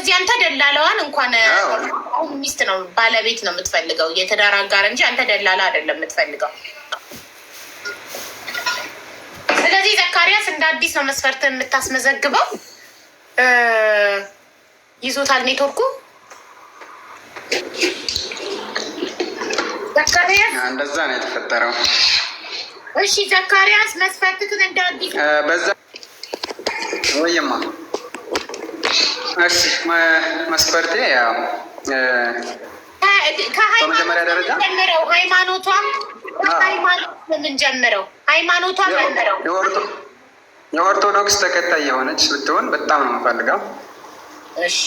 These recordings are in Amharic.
ስለዚህ አንተ ደላላዋን እንኳን ሚስት ነው ባለቤት ነው የምትፈልገው የትዳር አጋር እንጂ አንተ ደላላ አይደለም የምትፈልገው። ስለዚህ ዘካሪያስ እንደ አዲስ ነው መስፈርት የምታስመዘግበው። ይዞታል ኔትወርኩ ዘካሪያስ እንደዛ ነው የተፈጠረው። እሺ ዘካሪያስ መስፈርትትን እንደ አዲስ በዛ ወይማ እሺ መስፈርቴ ያው ደረጃ ሃይማኖቷም ሃይማኖቷ የኦርቶዶክስ ተከታይ የሆነች ብትሆን በጣም ነው የምፈልገው። እሺ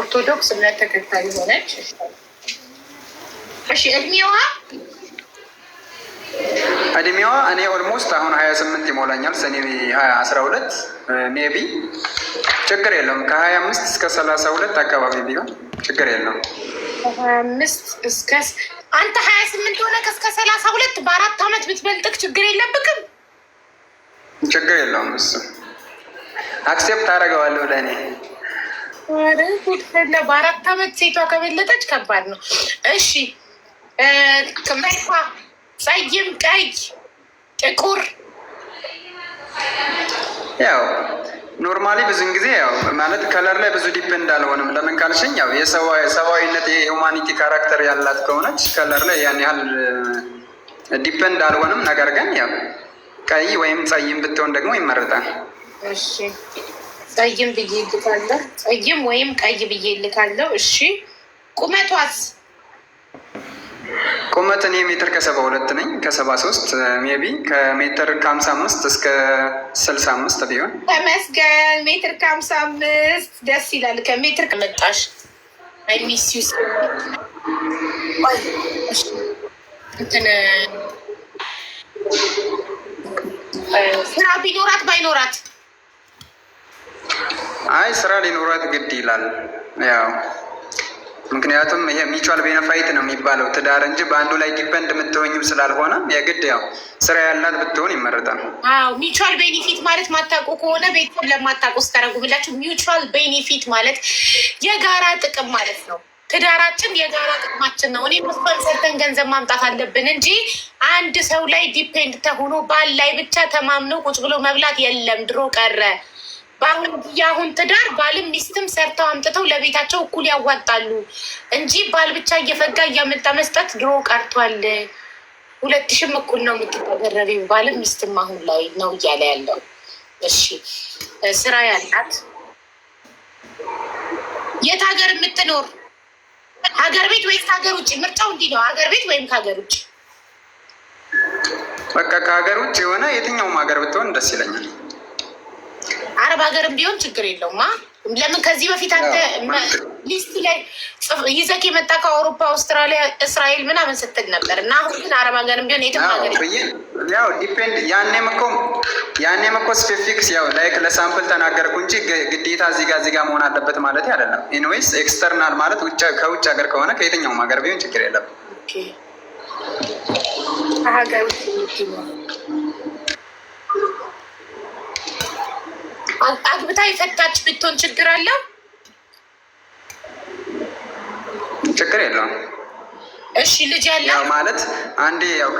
ኦርቶዶክስ እምነት ተከታይ የሆነች እሺ እድሜዋ እድሜዋ እኔ ኦልሞስት አሁን ሀያ ስምንት ይሞላኛል ሰኔ ሀያ አስራ ሁለት ሜቢ ችግር የለውም። ከሀያ አምስት እስከ ሰላሳ ሁለት አካባቢ ቢሆን ችግር የለውም። ከሀያ አምስት እስከ አንተ ሀያ ስምንት ሆነ እስከ ሰላሳ ሁለት በአራት አመት ብትበልጥክ ችግር የለብክም። ችግር የለውም። እሱ አክሴፕት አደርገዋለሁ ለእኔ በአራት አመት ሴቷ ከበለጠች ከባድ ነው። እሺ ጸይም፣ ቀይ፣ ጥቁር ያው ኖርማሊ ብዙን ጊዜ ያው ማለት ከለር ላይ ብዙ ዲፕ እንዳልሆንም ለምን ካልሽኝ ያው የሰብአዊነት የሁማኒቲ ካራክተር ያላት ከሆነች ከለር ላይ ያን ያህል ዲፕ እንዳልሆንም ነገር ግን ያው ቀይ ወይም ጸይም ብትሆን ደግሞ ይመረጣል። ጸይም ብዬ ይልካለሁ። ጸይም ወይም ቀይ ብዬ ይልካለሁ። እሺ ቁመቷስ ቁመት እኔ ሜትር ከሰባ ሁለት ነኝ ከሰባ ሶስት ሜቢ ከሜትር ከሀምሳ አምስት እስከ ስልሳ አምስት ቢሆን ተመስገን። ሜትር ከሀምሳ አምስት ደስ ይላል። ከሜትር ከመጣሽ ስራ ቢኖራት ባይኖራት አይ ስራ ሊኖራት ግድ ይላል ያው ምክንያቱም ይሄ ሚቹዋል ቤነፋይት ነው የሚባለው ትዳር እንጂ በአንዱ ላይ ዲፐንድ የምትሆኝም ስላልሆነ የግድ ያው ስራ ያላት ብትሆን ይመረጣል። አዎ ሚቹዋል ቤኔፊት ማለት ማታውቁ ከሆነ ቤተሰብ ለማታውቁ ስታደርጉ ብላችሁ ሚቹዋል ቤኔፊት ማለት የጋራ ጥቅም ማለት ነው። ትዳራችን የጋራ ጥቅማችን ነው። እኔ መስፋል ሰርተን ገንዘብ ማምጣት አለብን እንጂ አንድ ሰው ላይ ዲፔንድ ተሆኖ ባል ላይ ብቻ ተማምኖ ቁጭ ብሎ መብላት የለም ድሮ ቀረ። በአሁን የአሁን ትዳር ባልም ሚስትም ሰርተው አምጥተው ለቤታቸው እኩል ያዋጣሉ እንጂ ባል ብቻ እየፈጋ እያመጣ መስጠት ድሮ ቀርቷል። ሁለት ሺህም እኩል ነው የምትተገረሪው ባልም ሚስትም አሁን ላይ ነው እያለ ያለው። እሺ ስራ ያላት የት ሀገር የምትኖር ሀገር ቤት ወይም ከሀገር ውጭ? ምርጫው እንዲህ ነው፣ ሀገር ቤት ወይም ከሀገር ውጭ። በቃ ከሀገር ውጭ የሆነ የትኛውም ሀገር ብትሆን ደስ ይለኛል። አረብ ሀገርም ቢሆን ችግር የለውም። ለምን ከዚህ በፊት አንተ ሊስት ላይ ይዘክ የመጣ ከአውሮፓ፣ አውስትራሊያ፣ እስራኤል ምናምን ስትል ነበር እና አሁን ግን አረብ ሀገርም ቢሆን የትም ሀገር ያው ዲፔንድ ያኔም እኮ ያኔም እኮ ስፔሲፊክስ ያው ላይክ ለሳምፕል ተናገርኩ እንጂ ግዴታ ዚጋ ዚጋ መሆን አለበት ማለት አይደለም። ኢንዌይስ ኤክስተርናል ማለት ከውጭ ሀገር ከሆነ ከየትኛውም ሀገር ቢሆን ችግር የለም። ሀገር ውስጥ አግብታ የፈታች ብትሆን ችግር አለው? ችግር የለውም። እሺ ልጅ ያለው ማለት አንዴ ያው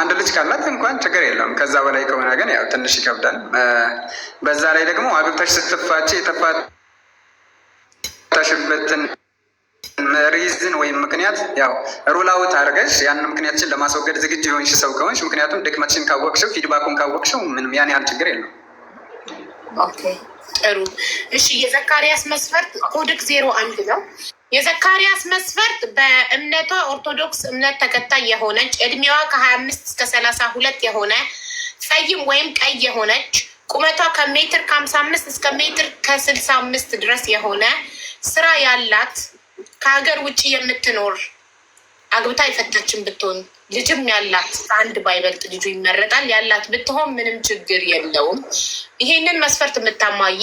አንድ ልጅ ካላት እንኳን ችግር የለውም። ከዛ በላይ ከሆነ ግን ያው ትንሽ ይከብዳል። በዛ ላይ ደግሞ አግብታች ስትፋች የተፋታሽበትን ሪዝን ወይም ምክንያት ያው ሩላውት አድርገሽ ያንን ምክንያትሽን ለማስወገድ ዝግጁ የሆንሽ ሰው ከሆንሽ፣ ምክንያቱም ድክመትሽን ካወቅሽው ፊድባኩን ካወቅሽው ምንም ያን ያህል ችግር የለውም። ጥሩ እሺ። የዘካሪያስ መስፈርት ኮድክ ዜሮ አንድ ነው። የዘካሪያስ መስፈርት በእምነቷ ኦርቶዶክስ እምነት ተከታይ የሆነች እድሜዋ ከሀያ አምስት እስከ ሰላሳ ሁለት የሆነ ጸይም ወይም ቀይ የሆነች ቁመቷ ከሜትር ከሀምሳ አምስት እስከ ሜትር ከስልሳ አምስት ድረስ የሆነ ስራ ያላት ከሀገር ውጭ የምትኖር አግብታ አይፈታችን ብትሆን ልጅም ያላት አንድ ባይበልጥ ልጁ ይመረጣል። ያላት ብትሆን ምንም ችግር የለውም። ይሄንን መስፈርት የምታማይ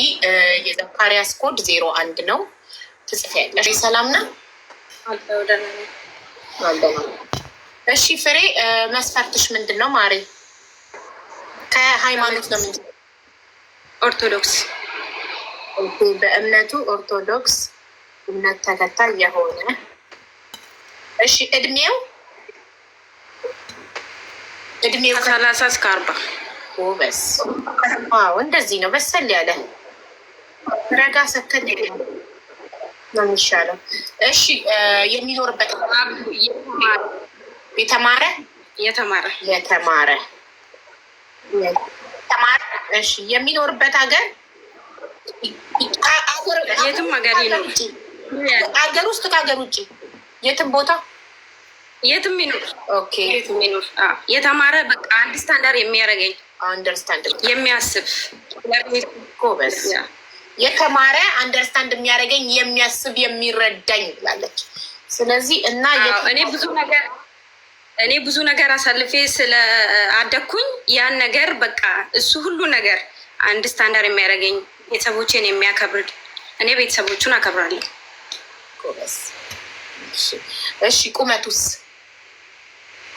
የዘካሪያስ ኮድ ዜሮ አንድ ነው ትጽፊያለሽ። ሰላም ና። እሺ ፍሬ መስፈርትሽ ምንድን ነው? ማሬ ከሃይማኖት ነው ምንድን ነው? ኦርቶዶክስ። በእምነቱ ኦርቶዶክስ እምነት ተከታይ የሆነ እሺ እድሜው እድሜው ከሰላሳ እስከ አርባ ውበስ እንደዚህ ነው። በሰል ያለ ረጋ ሰከን ነው የሚሻለው። እሺ የሚኖርበት የተማረ የተማረ የተማረ እሺ የሚኖርበት ሀገር የትም ሀገር ነው። ሀገር ውስጥ ከሀገር ውጭ የትም ቦታ የትም ይኖር የተማረ በቃ አንደርስታንድ የሚያደርገኝ አንደርስታንድ የሚያስብ የተማረ አንደርስታንድ የሚያደርገኝ የሚያስብ የሚረዳኝ ብላለች። ስለዚህ እና እኔ ብዙ ነገር እኔ ብዙ ነገር አሳልፌ ስለ አደግኩኝ ያን ነገር በቃ እሱ ሁሉ ነገር አንድ ስታንዳር የሚያደርገኝ ቤተሰቦቼን የሚያከብር እኔ ቤተሰቦቹን አከብራለሁ። እሺ ቁመቱስ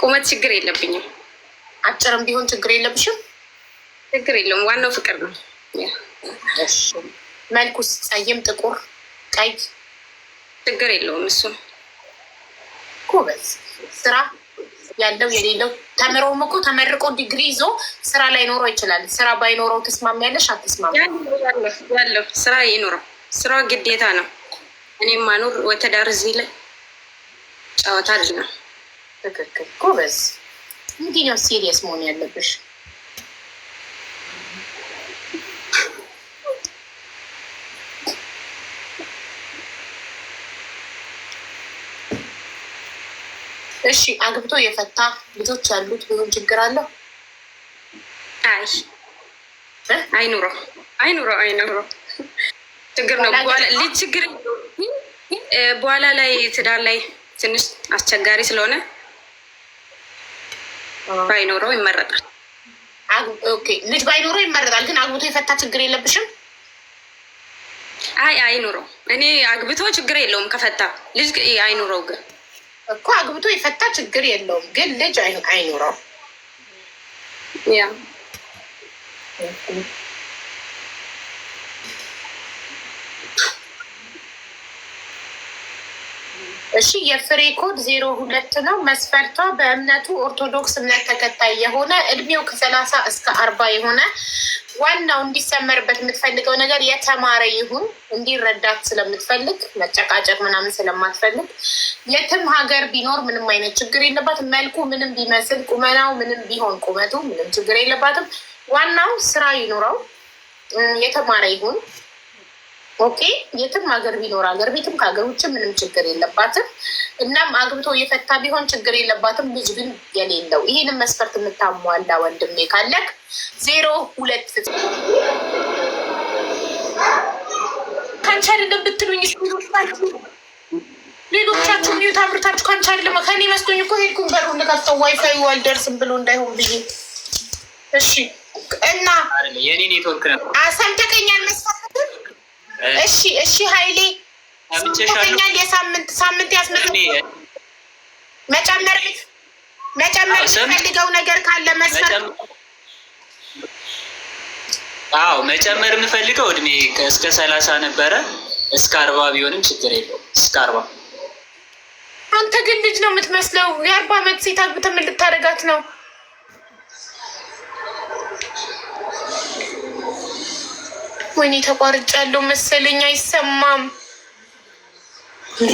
ቁመት ችግር የለብኝም። አጭርም ቢሆን ችግር የለብሽም። ችግር የለውም። ዋናው ፍቅር ነው። መልኩ ፀይም፣ ጥቁር፣ ቀይ ችግር የለውም። እሱ ጎበዝ ስራ ያለው የሌለው ተምሮም እኮ ተመርቆ ዲግሪ ይዞ ስራ ላይኖረው ይችላል። ስራ ባይኖረው ያለሽ አትስማሚ? ያለው ስራ ይኖረው። ስራ ግዴታ ነው። እኔም ማኖር ወተዳር እዚህ ላይ ጨዋታ አይደለም። ትክክል ጎበዝ። እንዲህ ነው ሲሪየስ መሆን ያለብሽ። እሺ አግብቶ የፈታ ልጆች ያሉት ቢሆን ችግር አለው? አይ አይኑሮ አይኑሮ አይኑሮ ችግር ነው። ልጅ ችግር በኋላ ላይ ትዳር ላይ ትንሽ አስቸጋሪ ስለሆነ ባይኖረው ይመረጣል። ልጅ ባይኖረው ይመረጣል። ግን አግብቶ የፈታ ችግር የለብሽም። አይ አይኑረው። እኔ አግብቶ ችግር የለውም ከፈታ ልጅ አይኑረው። ግን እኮ አግብቶ የፈታ ችግር የለውም፣ ግን ልጅ አይኑረው ያ እሺ የፍሬ ኮድ ዜሮ ሁለት ነው። መስፈርቷ በእምነቱ ኦርቶዶክስ እምነት ተከታይ የሆነ እድሜው ከሰላሳ እስከ አርባ የሆነ ዋናው እንዲሰመርበት የምትፈልገው ነገር የተማረ ይሁን። እንዲረዳት ስለምትፈልግ መጨቃጨቅ ምናምን ስለማትፈልግ የትም ሀገር ቢኖር ምንም አይነት ችግር የለባትም። መልኩ ምንም ቢመስል ቁመናው ምንም ቢሆን ቁመቱ ምንም ችግር የለባትም። ዋናው ስራ ይኑረው፣ የተማረ ይሁን ኦኬ የትም ሀገር ቢኖር ሀገር ቤትም ከሀገር ውጭ ምንም ችግር የለባትም። እናም አግብቶ የፈታ ቢሆን ችግር የለባትም። ብዙ ግን የሌለው ይህንን መስፈርት የምታሟላ ወንድሜ ካለክ ዜሮ ሁለት ከአንቺ አይደለም ብትሉኝ ሌሎቻችሁ ሚዩት አብርታችሁ ከአንቺ አይደለም ከኔ መስሎኝ እኮ ሄድኩን በሩ ልከፍተው ዋይፋይ አልደርስም ብሎ እንዳይሆን ብዬ እሺ እና የኔ ኔትወርክ ነበር አሳልተቀኛል እሺ፣ እሺ ኃይሌ ሰምተኛል። የሳምንት ሳምንት ያስመጥ መጨመር መጨመር የምፈልገው ነገር ካለ መስፈር አዎ መጨመር የምፈልገው እድሜ እስከ ሰላሳ ነበረ። እስከ አርባ ቢሆንም ችግር የለውም። እስከ አርባ አንተ ግን ልጅ ነው የምትመስለው። የአርባ ዓመት ሴት አግብተህ ምን ልታደርጋት ነው? ወይኔ ተቋርጬ ያለው መሰለኝ አይሰማም።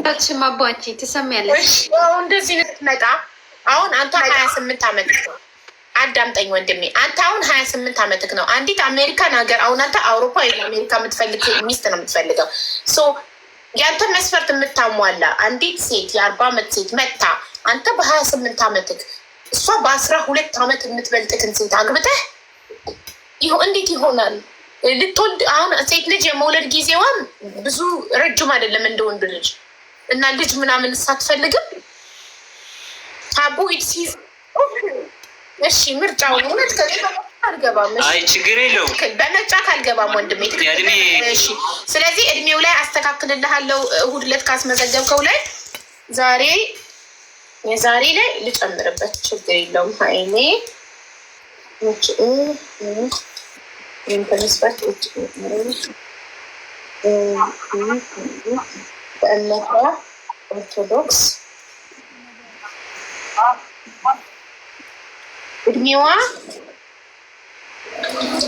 ታች ማባቺ ትሰሚያለሽ? ትሰሚያለሽ። እንደዚህ ልትመጣ አሁን አንተ ሀያ ስምንት ዓመት ነው። አዳምጠኝ ወንድሜ፣ አንተ አሁን ሀያ ስምንት ዓመትህ ነው። አንዲት አሜሪካን ሀገር አሁን አንተ አውሮፓ አሜሪካ የምትፈልግ ሚስት ነው የምትፈልገው። ሶ ያንተ መስፈርት የምታሟላ አንዲት ሴት የአርባ ዓመት ሴት መታ አንተ በሀያ ስምንት ዓመትህ እሷ በአስራ ሁለት ዓመት የምትበልጥክን ሴት አግብተህ እንዴት ይሆናል? ልትወልድ አሁን ሴት ልጅ የመውለድ ጊዜዋም ብዙ ረጅም አይደለም እንደ ወንድ ልጅ እና ልጅ ምናምን ሳትፈልግም ታቦ ሲ እሺ ምርጫው እውነት አልገባም። አይ ችግር የለውም በምርጫ ካልገባም ወንድሜ እሺ ስለዚህ እድሜው ላይ አስተካክልልሃለው። እሑድ ዕለት ካስመዘገብከው ላይ ዛሬ የዛሬ ላይ ልጨምርበት ችግር የለውም። ሀይኔ በእምነቷ ኦርቶዶክስ፣ እድሜዋ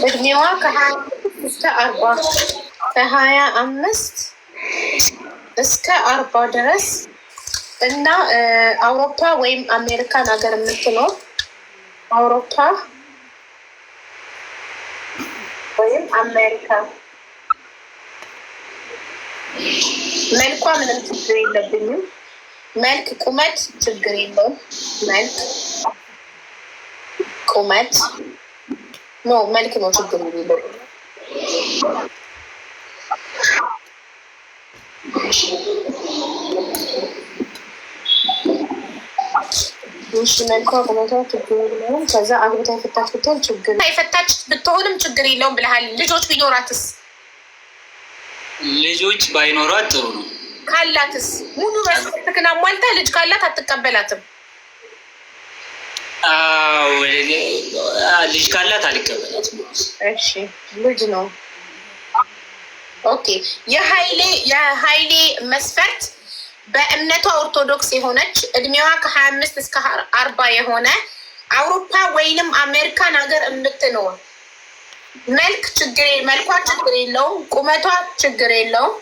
እድሜዋ ከሀያ እስከ አርባ ከሀያ አምስት እስከ አርባ ድረስ እና አውሮፓ ወይም አሜሪካን ሀገር የምትኖር አውሮፓ ወይም አሜሪካ። መልኳ ምንም ችግር የለብኝም። መልክ፣ ቁመት ችግር የለውም። መልክ፣ ቁመት ኖ መልክ ነው ችግር የለው። በውሽ ችግር የለውም። ከዛ አግብታ የፈታች ብትሆን ችግር የፈታች ብትሆንም ችግር የለውም ብለሃል። ልጆች ቢኖራትስ? ልጆች ባይኖራት ጥሩ ነው። ካላትስ? ሙሉ መስፈርትህን አሟልታ ልጅ ካላት አትቀበላትም? ልጅ ካላት አልቀበላትም። እሺ ልጅ ነው። ኦኬ የሀይሌ የሀይሌ መስፈርት በእምነቷ ኦርቶዶክስ የሆነች እድሜዋ ከሀያ አምስት እስከ አርባ የሆነ አውሮፓ ወይንም አሜሪካን ሀገር የምትኖር መልክ ችግር መልኳ ችግር የለውም፣ ቁመቷ ችግር የለውም።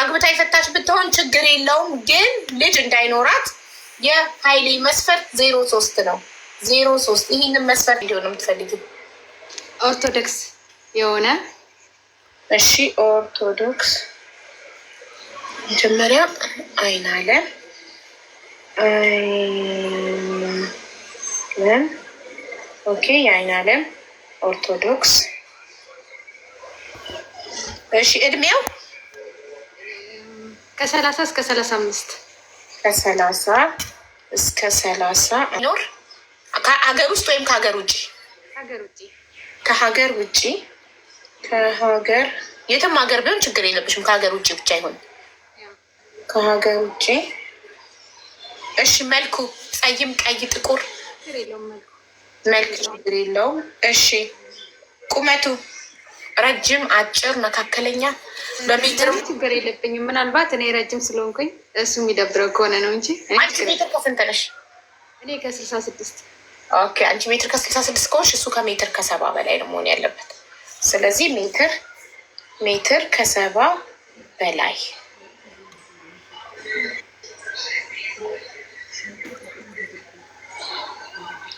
አግብታ የፈታች ብትሆን ችግር የለውም። ግን ልጅ እንዳይኖራት የሀይሌ መስፈርት ዜሮ ሶስት ነው። ዜሮ ሶስት ይህንን መስፈርት እንዲሆን የምትፈልግ ኦርቶዶክስ የሆነ እሺ ኦርቶዶክስ መጀመሪያ አይን አለ ኦኬ፣ የአይን አለም ኦርቶዶክስ። እሺ፣ እድሜው ከሰላሳ እስከ ሰላሳ አምስት ከሰላሳ እስከ ሰላሳ ኖር ከሀገር ውስጥ ወይም ከሀገር ውጭ ከሀገር ውጭ ከሀገር የትም ሀገር ቢሆን ችግር የለብሽም። ከሀገር ውጭ ብቻ ይሆን ከሀገር ውጭ እሺ፣ መልኩ ጸይም፣ ቀይ፣ ጥቁር መልክ ችግር የለውም። እሺ፣ ቁመቱ ረጅም፣ አጭር፣ መካከለኛ በሜትር ችግር የለብኝም። ምናልባት እኔ ረጅም ስለሆንኩኝ እሱ የሚደብረው ከሆነ ነው እንጂ አንቺ ሜትር ከስንት ነሽ? እኔ ከስልሳ ስድስት ኦኬ። አንቺ ሜትር ከስልሳ ስድስት ከሆንሽ እሱ ከሜትር ከሰባ በላይ ነው መሆን ያለበት። ስለዚህ ሜትር ሜትር ከሰባ በላይ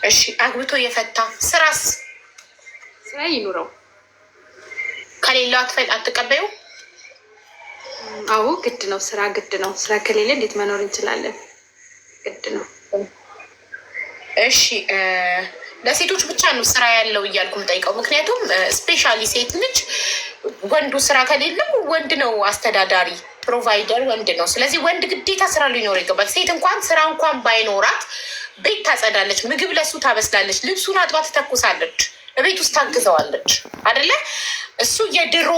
እሺ አግብቶ የፈታ ስራስ ስራ ይኑረው። ከሌለው አትፈል አትቀበዩ። አዎ ግድ ነው፣ ስራ ግድ ነው። ስራ ከሌለ እንዴት መኖር እንችላለን? ግድ ነው። እሺ ለሴቶች ብቻ ነው ስራ ያለው እያልኩ የምጠይቀው፣ ምክንያቱም ስፔሻሊ ሴት ልጅ ወንዱ ስራ ከሌለው ወንድ ነው አስተዳዳሪ ፕሮቫይደር ወንድ ነው። ስለዚህ ወንድ ግዴታ ስራ ሊኖር ይገባል። ሴት እንኳን ስራ እንኳን ባይኖራት ቤት ታጸዳለች፣ ምግብ ለሱ ታበስላለች፣ ልብሱን አጥባ ትተኩሳለች፣ ቤት ውስጥ ታግዘዋለች። አደለ? እሱ የድሮ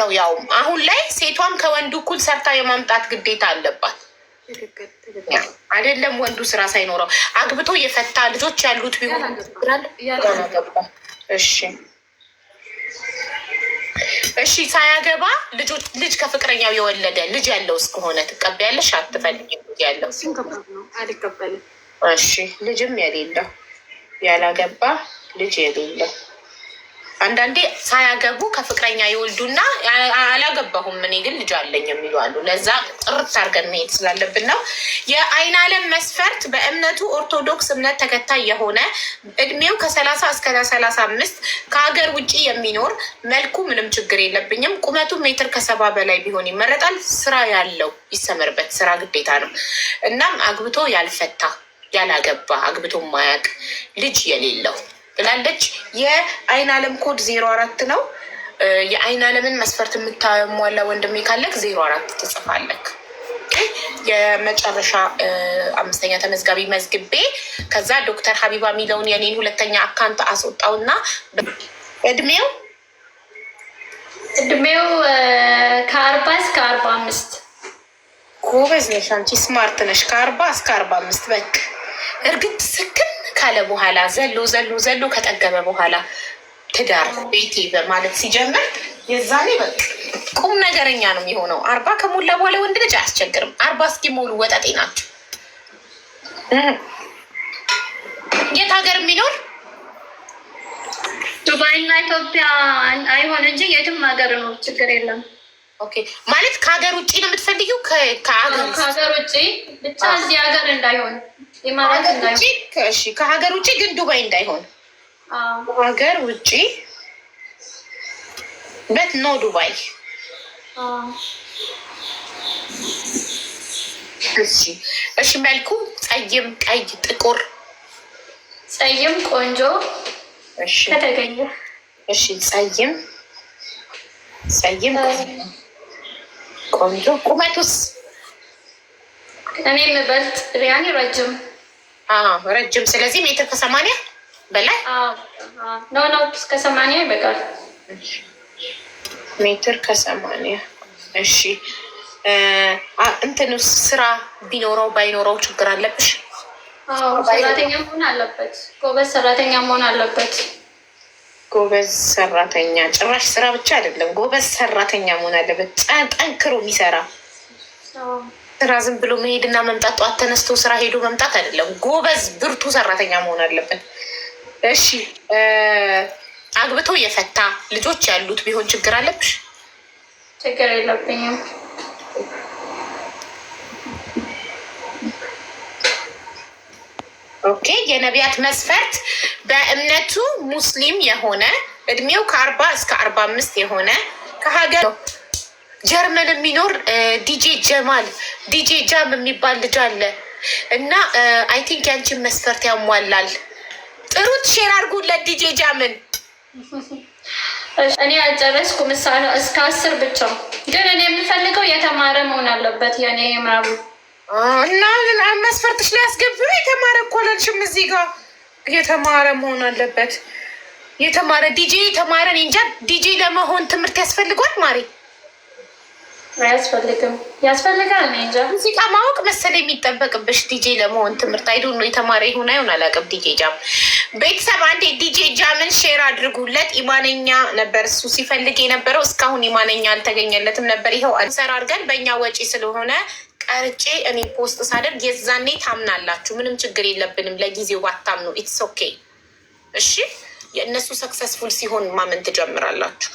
ነው። ያውም አሁን ላይ ሴቷም ከወንዱ እኩል ሰርታ የማምጣት ግዴታ አለባት። አይደለም ወንዱ ስራ ሳይኖረው አግብቶ የፈታ ልጆች ያሉት ቢሆን እሺ እሺ ሳያገባ ልጅ ከፍቅረኛው የወለደ ልጅ ያለው እስከሆነ ትቀበያለሽ? አትፈልጊም? ልጅ ያለው እሺ። ልጅም የሌለው ያላገባ ልጅ የሌለው አንዳንዴ ሳያገቡ ከፍቅረኛ ይወልዱና አላገባሁም እኔ ግን ልጅ አለኝ የሚሉ አሉ። ለዛ ጥርት አድርገን መሄድ ስላለብን ነው። የአይን አለም መስፈርት በእምነቱ ኦርቶዶክስ እምነት ተከታይ የሆነ እድሜው ከሰላሳ እስከ ሰላሳ አምስት ከሀገር ውጭ የሚኖር መልኩ ምንም ችግር የለብኝም ቁመቱ ሜትር ከሰባ በላይ ቢሆን ይመረጣል። ስራ ያለው ይሰመርበት፣ ስራ ግዴታ ነው። እናም አግብቶ ያልፈታ ያላገባ አግብቶ ማያቅ ልጅ የሌለው ብላለች። የአይን አለም ኮድ ዜሮ አራት ነው። የአይን አለምን መስፈርት የምታሟላ ወንድሜ ካለክ ዜሮ አራት ትጽፋለክ። የመጨረሻ አምስተኛ ተመዝጋቢ መዝግቤ ከዛ ዶክተር ሀቢባ የሚለውን የኔን ሁለተኛ አካውንት አስወጣውና እድሜው እድሜው ከአርባ እስከ አርባ አምስት ጎበዝ ነሽ አንቺ ስማርት ነሽ። ከአርባ እስከ አርባ አምስት በቃ እርግጥ ስክል ካለ በኋላ ዘሎ ዘሎ ዘሎ ከጠገበ በኋላ ትዳር ቤቴ ማለት ሲጀምር የዛኔ በቃ ቁም ነገረኛ ነው የሚሆነው። አርባ ከሞላ በኋላ ወንድ ልጅ አያስቸግርም። አርባ እስኪ ሞሉ ወጠጤ ናቸው። የት ሀገር የሚኖር ዱባይና ኢትዮጵያ አይሆን እንጂ የትም ሀገር ነው ችግር የለም። ኦኬ ማለት ከሀገር ውጭ ነው የምትፈልጊው? ከሀገር ውጭ ብቻ እዚህ ሀገር እንዳይሆን ከሀገር ውጭ ግን ዱባይ እንዳይሆን ሀገር ውጭ በት ኖ ዱባይ። እሺ እሺ። መልኩ ጸይም፣ ቀይ፣ ጥቁር። ጸይም ቆንጆ ከተገኘ እሺ። ጸይም ጸይም ቆንጆ። ቁመቱስ? እኔ በልጥ ሪያኒ ረጅም ረጅም። ስለዚህ ሜትር ከሰማንያ በላይ ኖ ኖ እስከ ሰማንያ ይበቃል። ሜትር ከሰማንያ እሺ። እንትን ስራ ቢኖረው ባይኖረው ችግር አለብሽ? ሰራተኛ መሆን አለበት። ጎበዝ ሰራተኛ መሆን አለበት። ጎበዝ ሰራተኛ፣ ጭራሽ ስራ ብቻ አይደለም ጎበዝ ሰራተኛ መሆን አለበት። ጠንክሮ የሚሰራ ስራ ዝም ብሎ መሄድና መምጣት፣ ጠዋት ተነስቶ ስራ ሄዶ መምጣት አይደለም። ጎበዝ ብርቱ ሰራተኛ መሆን አለበት። እሺ፣ አግብቶ የፈታ ልጆች ያሉት ቢሆን ችግር አለብሽ? ችግር የለብኝም። ኦኬ የነቢያት መስፈርት በእምነቱ ሙስሊም የሆነ እድሜው ከአርባ እስከ አርባ አምስት የሆነ ከሀገር ጀርመን የሚኖር ዲጄ ጀማል ዲጄ ጃም የሚባል ልጅ አለ እና አይ ቲንክ ያንቺን መስፈርት ያሟላል። ጥሩት ሼር አድርጉለት ዲጄ ጃምን። እኔ አልጨረስኩ ምሳሌ እስከ አስር ብቻ ግን እኔ የምፈልገው የተማረ መሆን አለበት የኔ ምናምን እና መስፈርትሽ ላይ አስገብተው የተማረ እኮ አላልሽም። እዚህ ጋር የተማረ መሆን አለበት። የተማረ ዲጄ የተማረ እንጃ። ዲጄ ለመሆን ትምህርት ያስፈልጓል ማሬ? አያስፈልግም። ያስፈልጋል እንጃ። ሙዚቃ ማወቅ መሰለ የሚጠበቅብሽ ዲጄ ለመሆን ትምህርት አይዶ ነው። የተማረ ይሁን አይሆን አላውቅም። ዲጄ ጃም ቤተሰብ አንዴ ዲጄ ጃምን ሼር አድርጉለት። ኢማነኛ ነበር እሱ ሲፈልግ የነበረው እስካሁን ኢማነኛ አልተገኘለትም ነበር። ይኸው ሰራ አድርገን በእኛ ወጪ ስለሆነ ቀርጬ እኔ ፖስት ሳደርግ የዛኔ ታምናላችሁ። ምንም ችግር የለብንም። ለጊዜው ባታምኑ ኢትስ ኦኬ። እሺ፣ የእነሱ ሰክሰስፉል ሲሆን ማመን ትጀምራላችሁ።